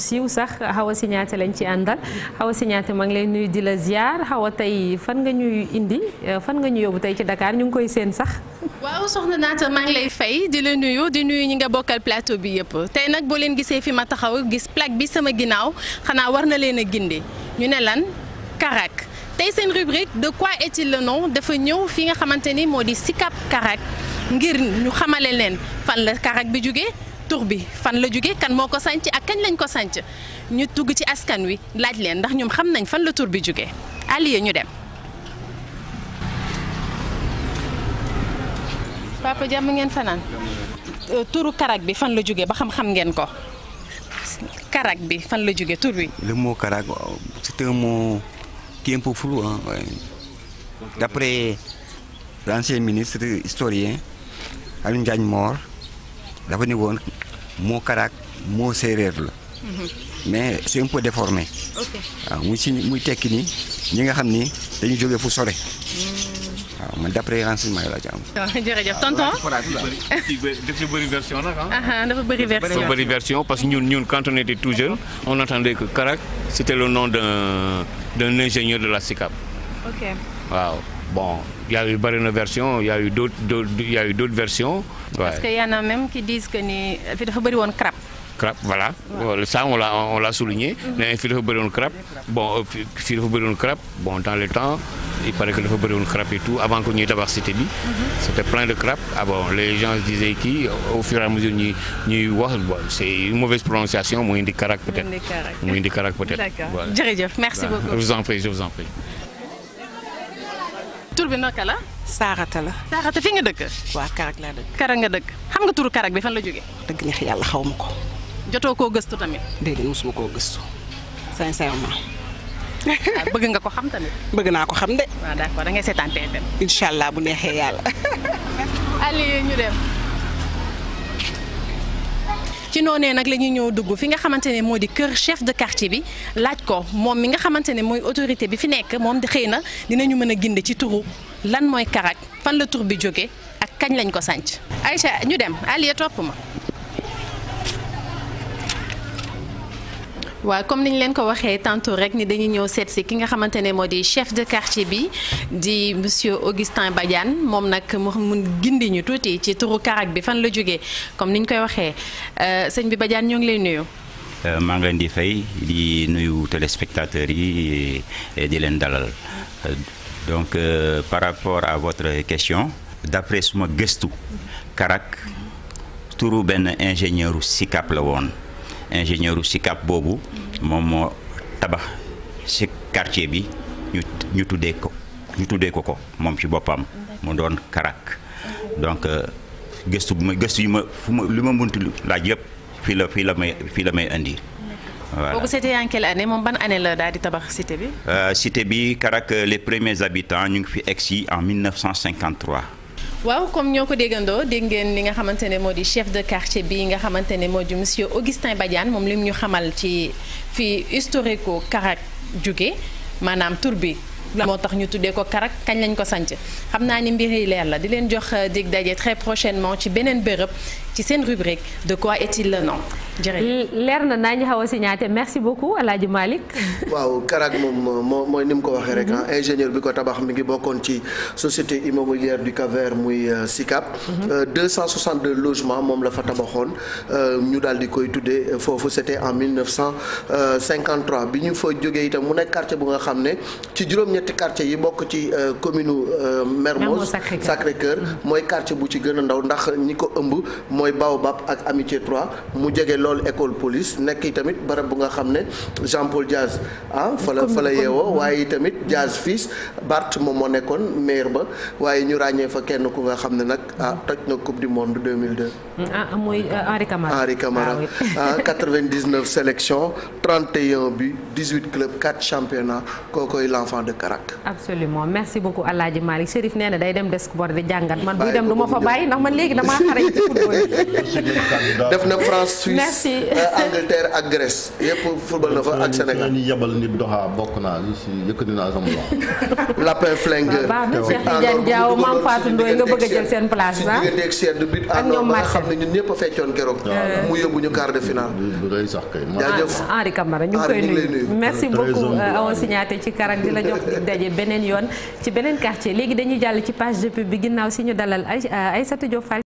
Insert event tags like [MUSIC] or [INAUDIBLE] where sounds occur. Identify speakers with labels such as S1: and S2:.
S1: siiw sax Hawa Signaté lañ ci àndal Hawa Signaté maa ngi lay nuyu di la ziar Hawa tey fan nga ñuy indi euh, fan nga ñu yóbbu tey ci Dakar ñu ngi koy seen sax. waaw soxna naata maa ngi lay fay di la nuyu di nuyu ñi nga bokkal plateau bi yëpp tey nag boo leen gisee fi ma taxaw gis plaque bi sama ginnaaw xanaa war na leen a gindi ñu ne lan Karak. tey seen rubrique de quoi est-il le dafa ñëw fi nga xamante ni moo di Sicap Karak ngir ñu xamale leen fan la tur bi fan la jóge kan moo ko sanc ak kañ lañ ko sanc ñu tugg ci askan wi laaj leen ndax ñoom xam nañ fan la tur bi jóge Aliou ñu dem. papa jàmm ngeen fanaan euh, turu Karak bi fan la jóge ba xam-xam ngeen ko Karak bi fan la jóge tur bi.
S2: le mot Karak c'est un mot qui est un peu l'ancien ministre historien Alioune Diagne Mor. dafa ni woon moo karaak moo séeréer la mhm. mais c'est un peu déformé waaw muy tekki nii ñi nga xam ni dañu jógee fu sore mm. waaw man d'après renseignement am.
S1: waaw [LAUGHS] ah, jërëjëf tonton. dafa
S2: bëri version nag ah. que ñun ñun quand on était tout jeune on entendait que Karak c'était le nom d'un d'un de la SICAP. waaw. bon il y a eu une version il y a eu d'autres il y a ni
S1: fi bëri woon crabe.
S2: crabe voilà ouais. ça on l'a on l'a souligné. Mhm. mais fii dafa bëri woon crabe bon euh, fii dafa bëri woon crabe bon dans le temps il paraît que dafa bëri woon crabe et tout avant que ñuy tabax cité bi. Mhm. c'était plein de crabe ah les gens disaient kii au fur à mesure ñuy ñuy wax bon c'est une mauvaise prononciation mu indi carac peut-être. mu indi carac merci beaucoup. je vous en prie je vous en prie.
S1: tur bi naka la. Saarata la. Saarata fi nga dëkk. waa Karak laa dëkk. Karak nga dëkk xam nga turu Karak bi fan la jógee. dëgg neex yàlla xaw ma ko. jotoo koo gëstu tamit. déedéet mosuma koo gëstu. sincèrement. Ah, bëgg nga ko xam tamit. [LAUGHS] bëgg naa ko xam de. waaw d'accord da ngay seetaan TFM. incha allah bu neexee yàlla. [LAUGHS] Aliou ñu dem. ci noonee nag la ñuy ñëw dugg fi nga xamante ne moo di kër chef de quartier bi laaj ko moom mi nga xamante ne mooy autorité bi fi nekk moom xëy na dinañu mën a ginde ci turu lan mooy Karak fan la tur bi jóge ak kañ lañ ko sànc Aïcha ñu dem Aliya topp ma waaw comme ni ñu leen ko waxee tantôt rek ni dañu ñëw seet si ki nga xamante ne moo di chef de quartier bi di monsieur Augustin Badiane moom nag mu mun gindi ñu tuuti ci turu Karak bi fan la jógee comme ni ñu koy waxee euh, sëñ bi Badiane ñoo ngi lay nuyu.
S2: Euh, maa ngi leen di fay di nuyu téléspectateurs yi di leen dalal euh, donc par rapport à votre question d'après suma gëstu Karak turu benn ingénieur u la woon. ingénieur u SICAP boobu moom moo tabax si quartier bi ñu tuddee ko ñu tuddee ko ko moom ci boppam mu doon karak donc euh, gëstu bu ma gëstu yu ma fu ma li ma mënti laaj yëpp fii la fii la may fii la may indi voilà boobu
S1: c'était en quelle moom ban année la daal di tabax cité bi.
S2: Euh, cité bi karak euh, les premiers habitants ñu ngi fi egg si en 1953.
S1: waaw comme ñoo ko déggandoo dégg ngeen li nga xamante ne moo di chef de quartier bi nga xamante ne moo di monsieur Augustin Badiane moom lim ñu xamal ci fii historico Karak jóge maanaam tur bi moo tax ñu tuddee ko Karak kañ lañ ko sanc xam naa ni mbir leer la di leen jox euh, dig daje très prochainement ci beneen bërëb ci seen rubrique de quoi est-il le nom jërëjëf leer na naa ñu xaw a signaté merci beaucoup El Hadj Malick.
S2: [LAUGHS] waaw Karak moom moo mooy ni mu ko waxee rek ah ingénieur bi ko tabax mi ngi bokkoon ci société immobilière du Cap-Vert muy euh, SICAP. 262 mm-hmm. euh, logements moom la fa tabaxoon euh, ñu daal di koy tuddee foofu c'était en 1953 bi ñu fa jógee itam mu nekk quartier bu nga xam ne ci juróom-ñetti quartier yi bokk ci commune Mermoz Sacré-Cœur mm-hmm. mooy quartier bu ci gën a ndaw ndax ñi ko ëmb mooy Baobab ak Amitié 3 mu jege lool loolu école police nekk i tamit barab bu nga xam ne Jean Paul Diaz ah, fa la yeewoo waaye tamit Diaz fils Bart moom moo nekkoon maire ba waaye ñu ràññee fa kenn ku nga xam ne nag ah toj na coupe du monde 2002.
S1: Ah, ah mooy euh, Henri Camara Henri Camara ah
S2: 99 ah, [LAUGHS] sélections 31 buts 18 clubs 4 championnats kookoy l'enfant de Karak.
S1: absolument merci beaucoup El Hadj Malick Chérif nee na day dem Deskboard di jàngat man buy dem du ma fa bàyyi ndax man léegi damaa xarañ ci
S2: football [LAUGHS] def na France Suisse. merci euh, Angleterre ak Grèce yëpp football na fa ak Sénégal. ñu yebal nit doxa bokk naa li si yëkkati naa sama loxo. [LAUGHS] Lapin Flingueur. baax na Cheikh Tidiane Diaw Maam Fatou Ndoye nga bëgg a jël seen place ah. digganteeg sedd but ak ñoom nga xam ne ñun ñëpp a feccoon keroog. Euh. mu yóbbu ñu quart de finale. lu rëy sax kay. jaajëf
S1: ah, Henri Camara ñu ngi koy nuyu. merci beaucoup euh, Awa Signaté ci Karang di la jox di daje beneen yoon ci beneen quartier léegi dañuy jàll ci page de pub bi ginnaaw si ñu dalal ay Aïssatou Diop Fall